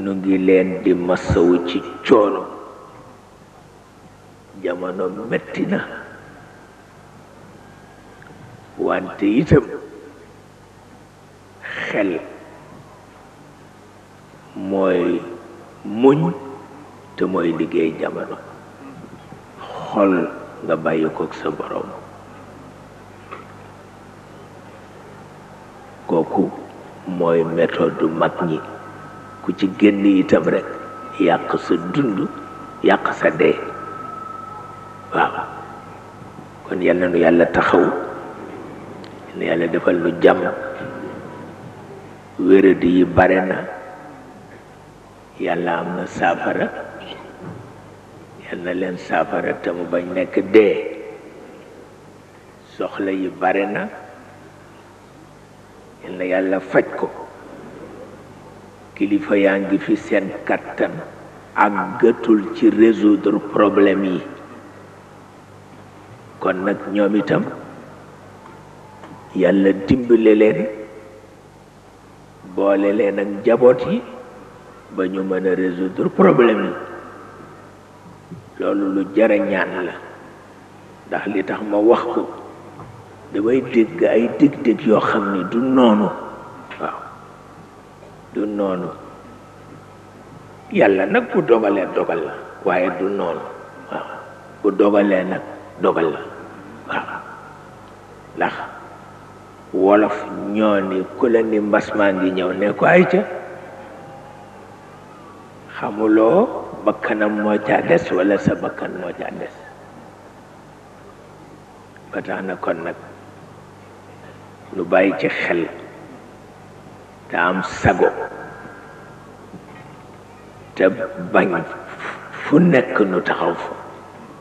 nu ngi leen di masawu ci coono jamono metti na wante itam xel mooy muñ te mooy liggéey jamono xol nga bàyyi kook sa borom kooku mooy méthode mag ñi ku ci génn itam rek yàq sa dund yàq sa dee waaw kon yal nu yàlla taxaw nu yàlla defal nu jàmm wéradi yi bare na yàlla am na saafara yal na leen saafara te mu bañ nekk dee soxla yi bare na na yàlla faj ko kilifa yaa ngi fi seen kattan ak gëtul ci résoudre problème yi kon nag ñoom itam yàlla dimbale leen boole leen ak njaboot yi ba ñu mën a résoudre problème yi loolu lu jara la ndax li tax ma wax ko damay dégg ay dég yoo xam ni du noonu du noonu yàlla nag bu dogalee dogal la waaye du noonu waaw bu dogalee nag dogal la waaw ndax wolof ñoo ni ku la ni mbas maa ngi ñëw ne ko ay ca xamuloo bakkanam moo caa des wala sa bakkan moo caa des ba tax na kon nag lu bàyyi ci xel tam sago te bañ fu nekk nu taxaw fa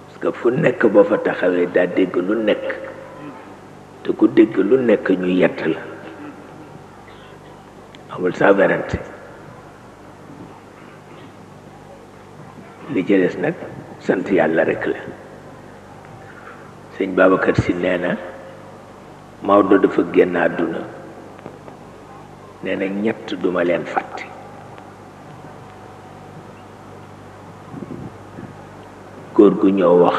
parce que fu nekk boo fa taxawee daa dégg lu nekk te ku dégg lu nekk ñu yett la amul sa werante li ci nag sant yàlla rek la sëñ Babacar si nee na Maodo dafa génn àdduna nee na ñett du ma leen fàtte góor gu ñoo wax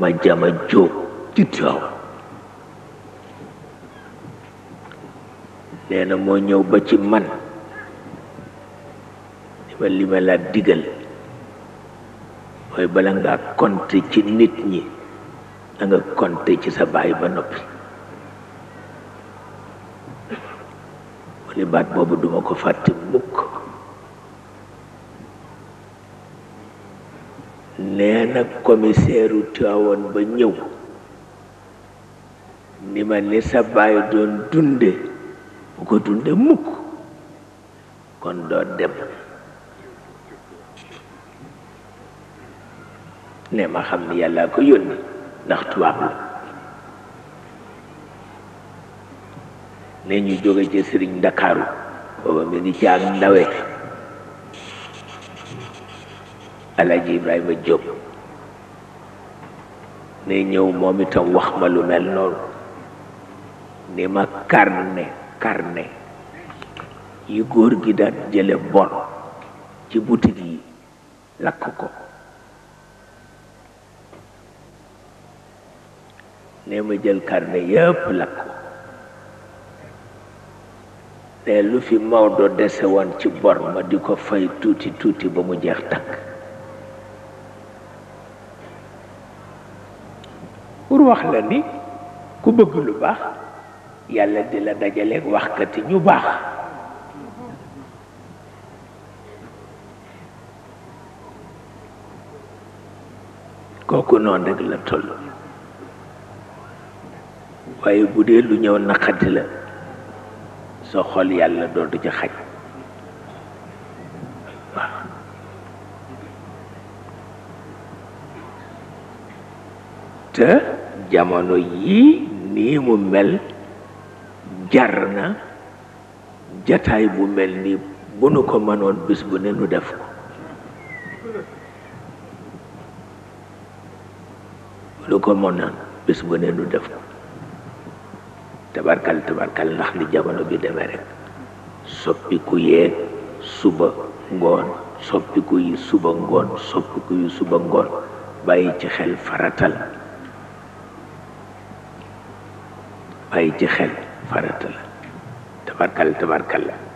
ma jama jóg ci taw nee na moo ñëw ba ci man li ma li ma laa digal mooy bala ngaa konte ci nit ñi da nga konte ci sa baay ba noppi te boobu duma ko fàtte mukk nee na commissaire u Tiwaawoon ba ñëw ni ma ni sa baay doon dunde bu ko dunde mukk kon doo dem ne ma xam ni yàlla ko yónni ndax tubaab la ne ñu jóge ci sëriñ ndakaaru booba mi ngi ci ak ndawe alaji ibrahima jóob ne ñëw moom itam wax ma lu mel noonu ni ma karne carne yi góor gi daan jële bon ci boutique yi lakk ko ne ma jël carne yépp lakk te lu fi Maodo dese woon ci bor ma di ko fay tuuti tuuti ba mu jeex takk pour wax la ni ku bëgg lu baax yàlla di la dajaleeg waxkati ñu baax kooku noonu rek la toll waaye bu dee lu ñëw naqati la sa xol yàlla dootu ci xaj waaw te jamono yii nii mu mel jar na jataay bu mel ni bu nu ko mënoon bis bu ne def ko lu ko mënoon bis bu ne def ko tabarkal tabarkal ndax li jamono bi demee rek soppiku yeeg suba ngoon soppiku yi suba ngoon soppiku yi suba ngoon bàyyi ci xel faratal bàyyi ci xel faratal tabarkal tabarkal la